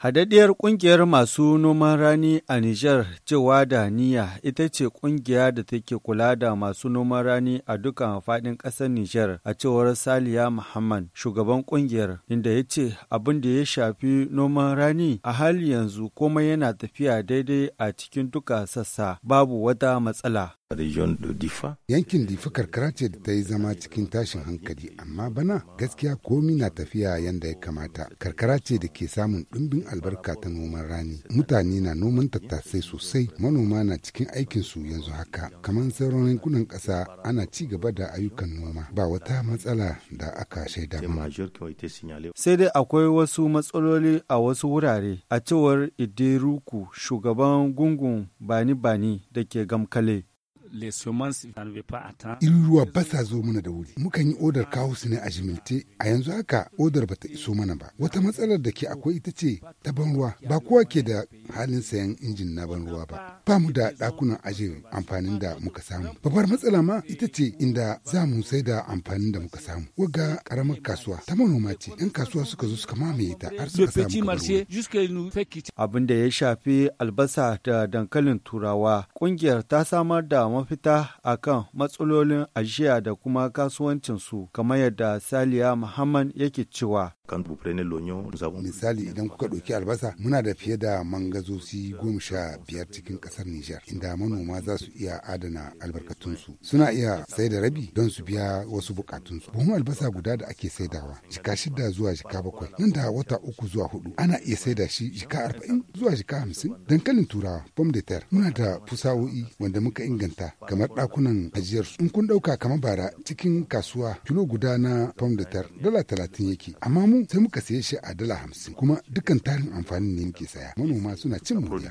Hadaddiyar ƙungiyar masu noman rani a Nijar cewa da niyya ita ce ƙungiya da take kula da masu noman rani a duka faɗin ƙasar Nijar a cewar Saliya Muhammad shugaban ƙungiyar inda ya ce abin da ya shafi noman rani a hali yanzu komai yana tafiya daidai a cikin duka sassa babu wata matsala. Yankin Difa karkara ce da ta yi zama cikin tashin hankali, amma bana gaskiya komi na tafiya yadda ya kamata. Karkara ce da ke samun ɗumbin albarka ta noman rani. Mutane na noman tattasai sosai, manoma na cikin aikinsu yanzu haka. Kamar sauran yankunan ƙasa ana ci gaba da ayyukan noma, ba wata matsala da aka shaida Sai dai akwai wasu matsaloli a wasu wurare, a cewar Idiruku, shugaban gungun Bani Bani da ke Gamkale. Iruruwa ba sa zo mana da wuri. Mukan yi odar kawo su ne a jimilte, a yanzu haka odar ba ta iso mana ba. Wata matsalar da ke akwai ita ce ta ban ruwa. Ba kowa ke da halin sayan injin na ban ruwa ba. Ba mu da ɗakunan ajiye amfanin da muka samu. Babbar matsala ma ita ce inda za mu sai da amfanin da muka samu. Waga karamar kasuwa ta manoma ce. 'Yan kasuwa suka zo suka mamaye ta har suka samu Abin da ya shafi albasa da dankalin turawa, ƙungiyar ta samar da mafita a kan matsalolin ajiya da kuma kasuwancinsu kamar yadda Saliya Muhammad yake cewa. Misali idan kuka ɗauki albasa muna da fiye da mangazosi goma sha biyar cikin ƙasar Nijar inda manoma za su iya adana albarkatunsu. Suna iya sai da rabi don su biya wasu buƙatunsu. Buhun albasa guda da ake saidawa jika shida zuwa jika bakwai nan da wata uku zuwa hudu ana iya saida shi jika arba'in zuwa jika hamsin. Dankalin turawa pom de terre muna da fusawo'i wanda muka inganta kamar ɗakunan ajiyar In kun ɗauka kamar bara cikin kasuwa kilo guda na fam da tar dala talatin yake amma mu sai muka saye shi a dala hamsin kuma dukkan tarin amfanin ne muke saya manoma suna cin moriya.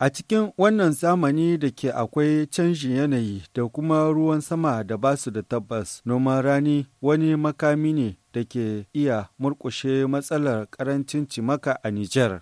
A cikin wannan zamani da ke akwai canjin yanayi da kuma ruwan sama da basu da tabbas noma rani wani makami ne da ke iya murkushe matsalar karancin cimaka a Nijar.